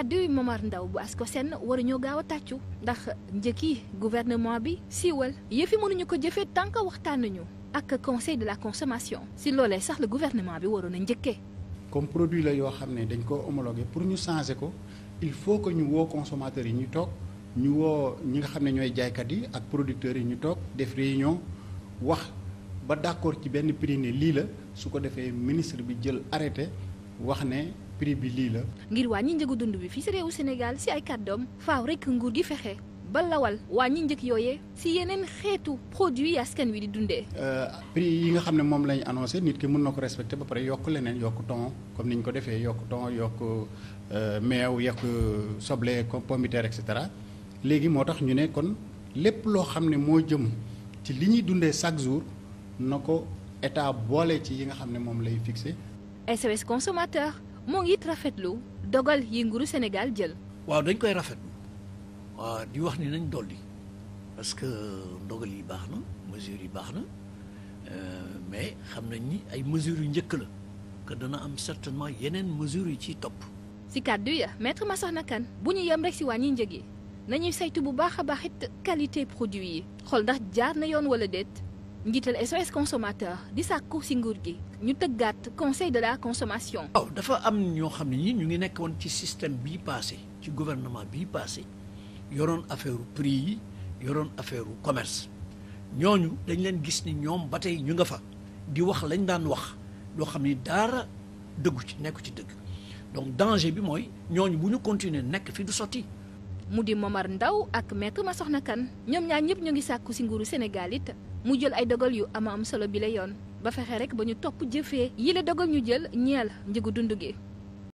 kàddu yu Momar Ndao bu ASCOSEN waruñoo gaaw a tàccu ndax njëkki gouvernement bi siiwal yëfi mënuñu ko jëfee tant que waxtaanuñu ak conseil de la consommation si loolee sax le gouvernement bi waroon a njëkkee. comme produit la yoo xam ne dañ ko homologué pour ñu changer ko il faut que ñu woo consommateurs yi ñu toog ñu woo ñi nga xam ne ñooy jaaykat yi ak producteurs yi ñu toog def réunion wax ba d'accord ci benn prix ne lii la su ko defee ministre bi jël arrêté. wax ne prix bi lii la. ngir wàññi njëgu dund bi fii si réewu Sénégal si ay kàddoom faaw rekk nguur gi fexe ba lawal ñi njëg yooye si yeneen xeetu produit yi askan wi di dundee. Euh, prix yi nga xam ne moom lañ annoncé nit ki mën na ko respecté ba pare yokk leneen yokk ton comme ni ñu ko defee yokk ton yokk euh, meew yokk soble comme pomme de terre et cetera léegi moo tax ñu ne kon lépp loo xam ne moo jëm ci li ñuy dundee chaque jour na ko état boole ci yi nga xam ne moom lay fixé. SOS consommateur moo ngi it rafetlu dogal yi nguuru Sénégal jël. waaw dañ koy rafetlu waaw di wax ni nañ dolli parce que dogal yi baax na mesures yi baax na euh, mais xam nañ ni ay mesures yu njëkk la que dana am certainement yeneen mesures yu ciy topp. si kàddu ya ma Massokhna Kane bu ñu yem rek ci wàññi njëg yi nañuy saytu bu baax a baax qualité produit yi xool ndax jaar na yoon wala déet. njiital SOS consommateur di sàkku si nguur gi ñu tëggaat conseil de la consommation. waaw oh, dafa am ñoo xam ne nii ñu ngi nekkoon ci système bii passé ci gouvernement bii passé yoroon affaire prix yi yoroon affaire commerce ñooñu dañ leen gis ni ñoom ba tey ñu nga fa di wax lañu daan wax loo xam ni daara dëggu ci nekku ci dëgg donc danger bi mooy ñooñu bu ñu continuer nekk fi du sotti. mu di Momar Ndao ak maître Massokhna kan ñoom ñaar ñëpp ñu ngi sàkku ci nguuru Sénégal it mu jël ay dogal yu ama am solo bi la yoon ba fexe rek ba ñu topp jëfee yile dogal ñu jël ñeel njëgu dund gi